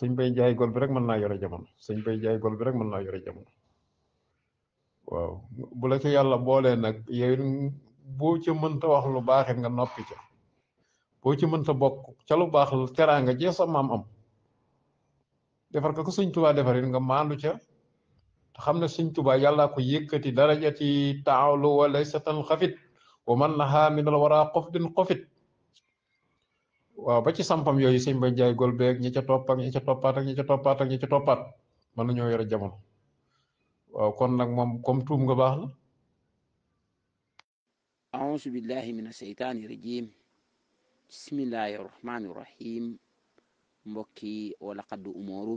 sëñ bay jaay gol bi rek mën naa yore jamono sëñ bay jaay gol bi rek mën naa yore jamono waaw bu ca yàlla boolee nag yow boo ca mënta wax lu baaxit nga noppi ca boo ci mënta bokk ca lu baax la teraanga jee sa maam am defar ko ko sëñ defar defarit nga maandu ca xam ne sëñ tubaa yàllaa ko yëkkati darajati taawlu wa laysa tan xafit wa man nahaa minal waraa xof din xofit waaw ba ci sampam yooyu sëñ Bañ Jaay Gol beeg ñi ca topp ak ca toppaat ak ñi ca toppaat ak ñi ca toppaat mën nañoo jamono waaw kon nag moom comme tuum nga baax la auzu billahi min asheytaani rajim bismillahi rahmaani rahim mbokki wala xaddu umooru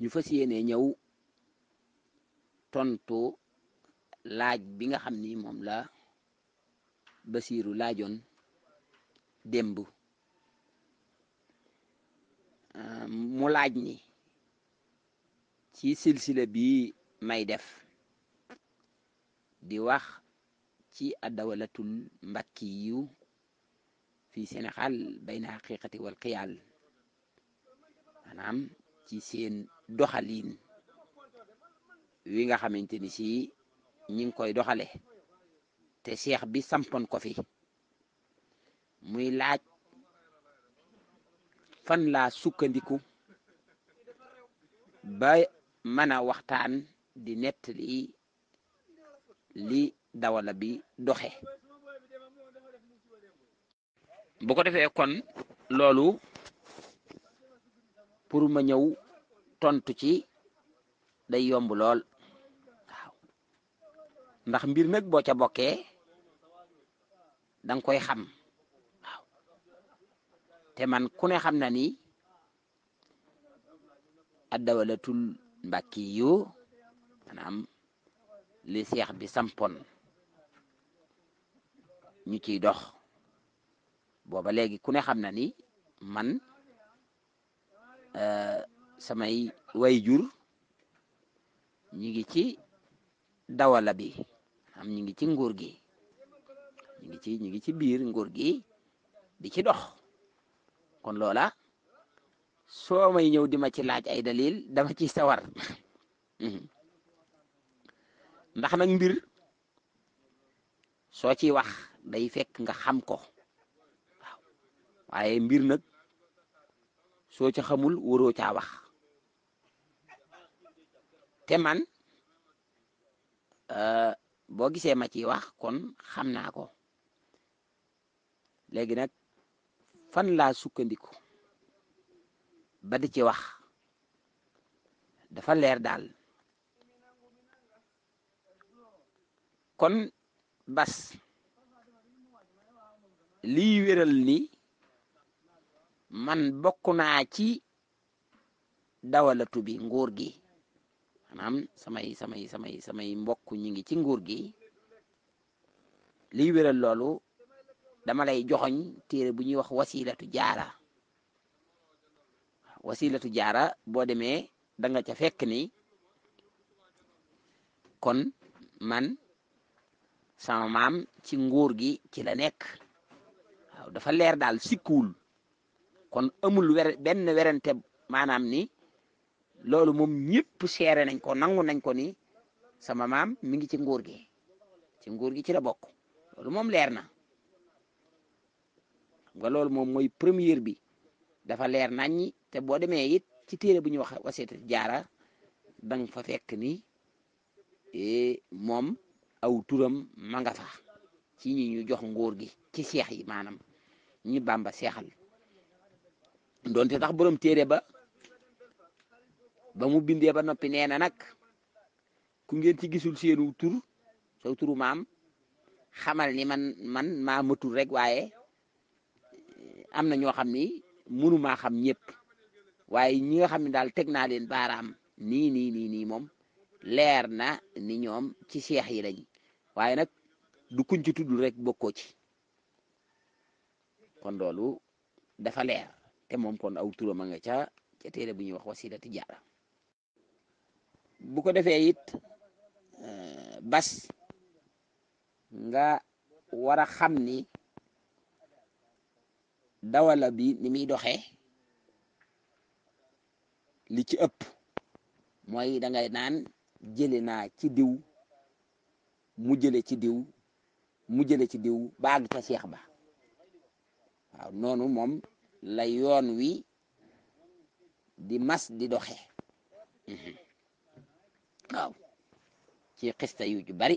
ñu fas yéene ñëw tontu laaj bi nga xam ni moom la basiiru laajoon démb euh, mu laaj ni ci silsila bi may def di wax ci addawalatul mbakki yiw fi Sénégal bayna xaqiqati wal xiyaal ci seen doxaliin wi nga xamante ni si ñi ngi koy doxale te seex bi sampoon ko muy laaj fan laa sukkandiku ba mën waxtaan di nettali li dawala bi doxe bu ko defee kon loolu pour ma ñëw tontu ci day yomb lool ndax mbir nag boo ca bokkee danga koy xam te man ku ne xam na ni addawalatul mbàkki yu maanaam li seex bi sampon ñu ciy dox booba léegi ku ne xam na ni man euh, samay wayjur ñu ngi ci dawala bi am ñu ngi ci nguur gi ñu ngi ci ñu ngi ci biir nguur gi di ci dox kon loola soo may ñëw di ma ci laaj ay dalil dama ci sawar mhm. ndax nag mbir soo ci wax day fekk nga xam ko waaw waaye mbir nag soo ci xamul waroo caa wax te man euh, boo gisee ma ciy wax kon xam naa ko léegi nag fan laa sukkandiku ba di ci wax dafa leer daal kon bas lii wéral ni man bokk naa ci dawalatu bi nguur gi maanaam samay samay samay samay mbokk ñi ngi ci nguur gi lii wéral loolu dama lay joxoñ téere bu ñuy wax wasilatu jaara wasilatu jaara boo demee da nga ca fekk ni kon man sama maam ci nguur gi ci la nekk dafa leer daal sikkuwul kon amul wer benn werante maanaam ni loolu moom ñëpp seere nañ ko nangu nañ ko ni sama maam mi ngi ci nguur gi ci nguur gi ci la bokk loolu moom leer na nga loolu moom mooy première bi dafa leer naññi te boo demee it ci téere bu ñuy wax waseeta jaara danga fa fekk ni e, moom aw turam manga nga fa ci ñi ñu jox nguur gi ci seex yi maanaam ñi bàmba seexal doonte tax borom téere ba ba mu bindee ba noppi nee na nag ku ngeen ci gisul seenu tur saw turu maam xamal ni man man maa matul rek waaye am na ñoo xam ni mënumaa xam ñëpp waaye ñi nga xam ne daal teg naa leen baaraam nii nii nii nii moom leer na ni ñoom ci seex yi lañ waaye nag du kuñ ci tudd rek bokkoo ci kon loolu dafa leer te moom kon aw turam a nga ca ca téere bu ñuy wax wasila tijaara bu ko defee it eh, bas nga war xam ni dawala bi ni muy doxee li ci ëpp mooy da naan jële naa ci diw mu jële ci diw mu jële ci diw baag ca seex ba waaw noonu moom la yoon wi di mas di doxe mhm. waaw ci xista yu ju bari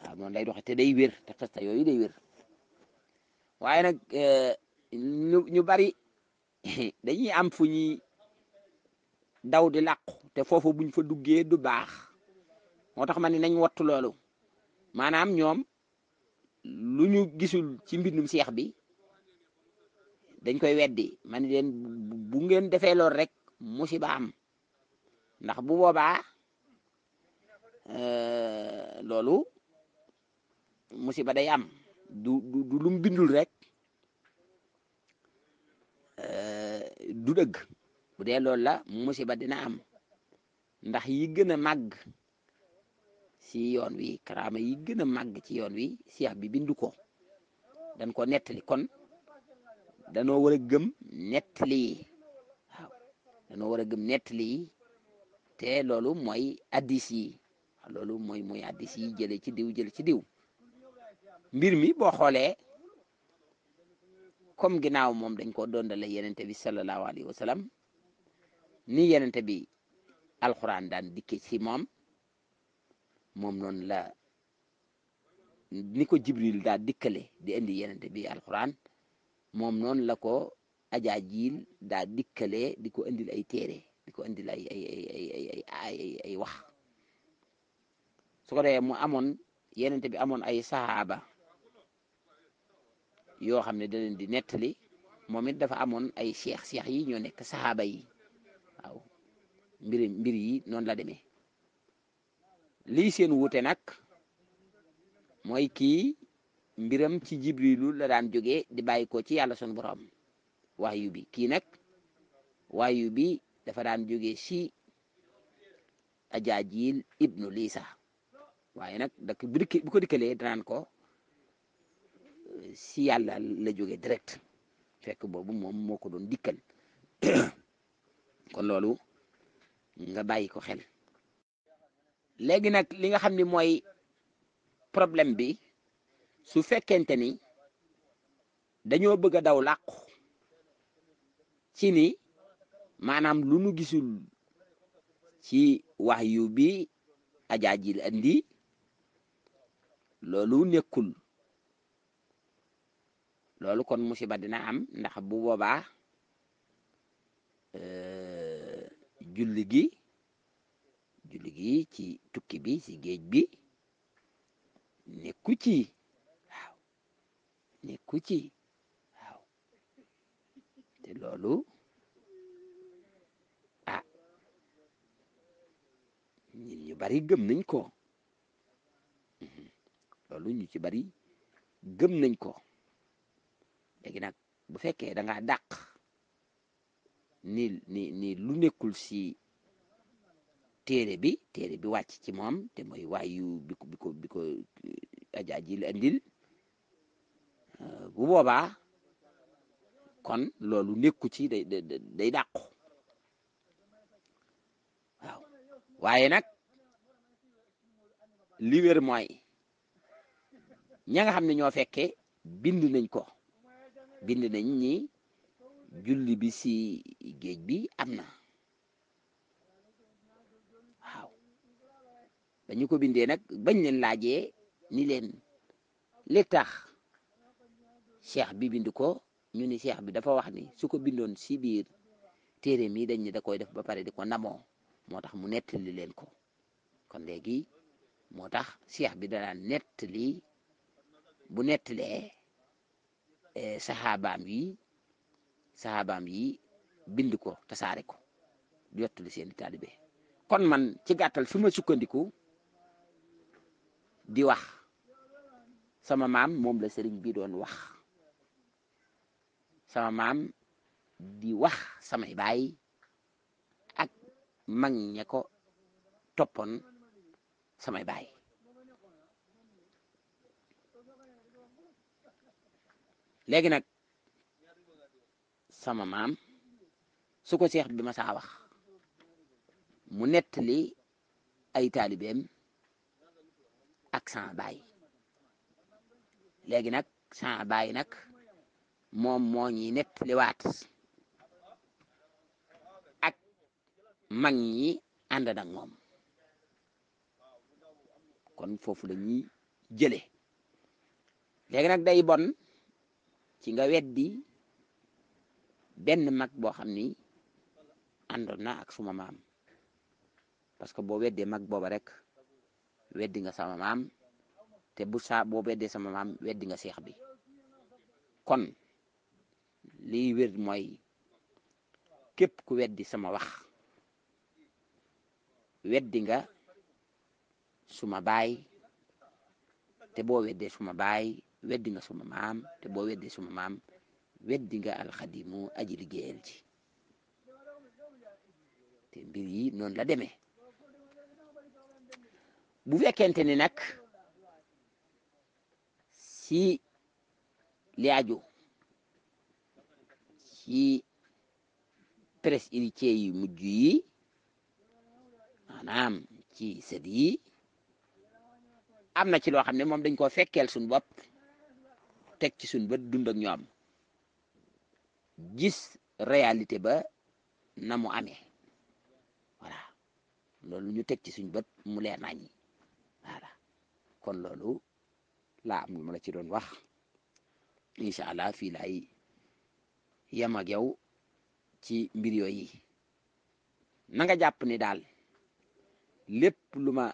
waaw noonu lay doxe te day wér te xista yooyu day wér waaye nag eh, ñu ñu bari dañuy am fu ñuy daw di làqu te foofu buñ fa duggee du baax moo tax ma ne nañ wattu loolu maanaam ñoom lu ñu gisul ci mbindum seex bi dañ koy weddi ma ne leen ngeen defee loolu rek musiba am ndax bu boobaa eh, loolu musiba day am du du lu mu bindul rek euh, du dëgg bu dee loolu la musiba dina am ndax yi gën a màgg si yoon wi karaama yi gën a màgg ci yoon wi seex bi bindu ko dañ ko nettali kon danoo war a gëm nettali waaw danoo war a gëm nettali te loolu mooy addis yi loolu mooy mooy addis yi jële ci diw jële ci diw mbir mi boo xoolee comme ginnaaw moom dañ ko dondale yenente bi sallallahu alayhi wa ni yenente bi alxuraan daan dikke si moom moom noonu la ni ko jibril daa dikkale di bi alxuraan moom noonu la ko ajaa jiil daa di ko indil ay téere di ko indil ay wax su ko defee mu amoon yenente bi amoon ay sahaaba yoo xam ne da leen di nettali moom it dafa amoon ay cheikh cheikh yi ñoo nekk saxaaba yi waaw mbir mbir yi noonu la deme lii seen wuute nag mooy kii mbiram ci jibrilu la daan jógee di bàyyi ko ci yàlla sun borom waayu bi kii nag waayu bi dafa daan ci si ajaajil ibnu liisa waaye nag dak bu ko dikkalee danaan ko si yàlla la jóge direct fekk boobu moom moo ko doon dikkal kon loolu nga bàyyi ko xel léegi nag li nga xam ni mooy problème bi su fekkente ni dañoo bëgg a daw làqu ci ni maanaam lu nu gisul ci wax yu bi ajaa ji andi loolu nekkul loolu kon ba dina am ndax bu boobaa euh, julli gi julli gi ci tukki bi ci géej bi nekku ci waaw nekku ci waaw te loolu ah nit ñu bari gëm nañ ko mhm. loolu ñu ci bari gëm nañ ko léegi nag bu fekkee da ngaa dàq ni ni lu nekkul si téere bi téere bi wàcc ci moom te mooy waayu bi ko bi eh, andil eh, bu boobaa kon loolu nekku ci day day dàqu nag li wér mooy ña nga xam ne ñoo fekkee bind nañ ko bind nañ ni julli bi si géej bi am na waaw dañu ko bindee nag bañ leen laajee ni leen li tax cheikh bi bind ko ñu ni cheikh bi dafa wax ni su ko bindoon si biir téere mi dañ ni da koy def ba pare di ko namoo moo tax mu nettali leen ko kon léegi moo tax cheikh bi danaan nettali bu nettalee Eh, saxaabaam yi saxaabaam yi bind ko tasaare ko yottali seen i taalibe kon man ci gàttal fi ma sukkandiku di wax sama maam moom la sëriñ bi doon wax sama maam di wax samay baay ak mag ña ko toppoon samay baay léegi nag sama maam su ko seex bi ma saa wax mu nettali ay taalibeem ak sama baay léegi nag sama baay nag moom moo ñuy nettaliwaat ak mag ñi ànd ak moom kon foofu la ñuy jëlee nag day bon. ci nga weddi benn mag boo xam ni àndoon na ak suma maam parce que boo weddee mag booba rek weddi nga sama maam te bu saa boo weddee sama maam weddi nga seex bi kon lii wér mooy képp ku weddi sama wax weddi nga suma baay te boo weddee suma baay weddi nga suma maam te bo weddee suma maam weddi nga alxadimu aji liggéeyal ji te mbir yi noonu la deme bu fekkente ne nag si li aju ci presse héritier yu yi maanaam ci sët yi am na ci loo xam ne moom dañ koo fekkel suñu bopp teg ci suñ bët dund ak am gis réalité ba na mu amee voilà loolu ñu teg ci suñ bët mu leer nañ kon loolu laa lu ma la ci doon wax incha allah fii laay yem ak yow ci mbir yooyu na nga jàpp ni daal lépp lu ma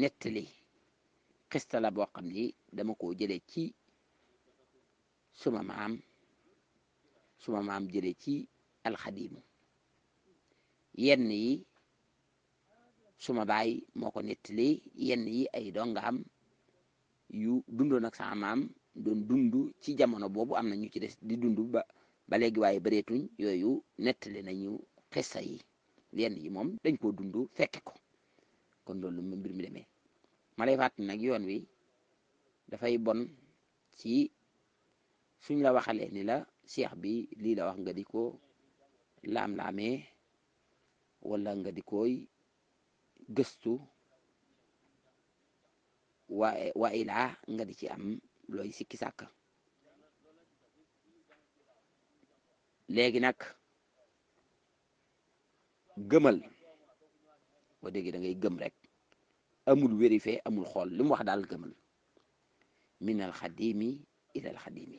nettali xista la boo ni dama ko jëlee ci suma maam suma maam jële ci alxadimu yenn yi suma baay moo ko nettali yenn yi ay dongaam yu dundo ak sama maam doon dund ci jamono boobu am na ñu ci des di dundu ba ba léegi waaye bareetuñ yooyu nettali nañu xissa yi yenn yi moom dañ koo dund fekke ko kon loolu mbir mi demee ma lay fàttali nag yoon wi dafay bon ci suñ la waxalee ni la cheikh bi lii la wax nga di ko laam-laamee wala nga di koy gëstu waaye wa ilaa nga di ci am looy sikki sàkk léegi nag gëmal ba dégg dangay ngay gëm rek amul vérifié amul xool li mu wax daal gëmal min al xadimi ila al xadimi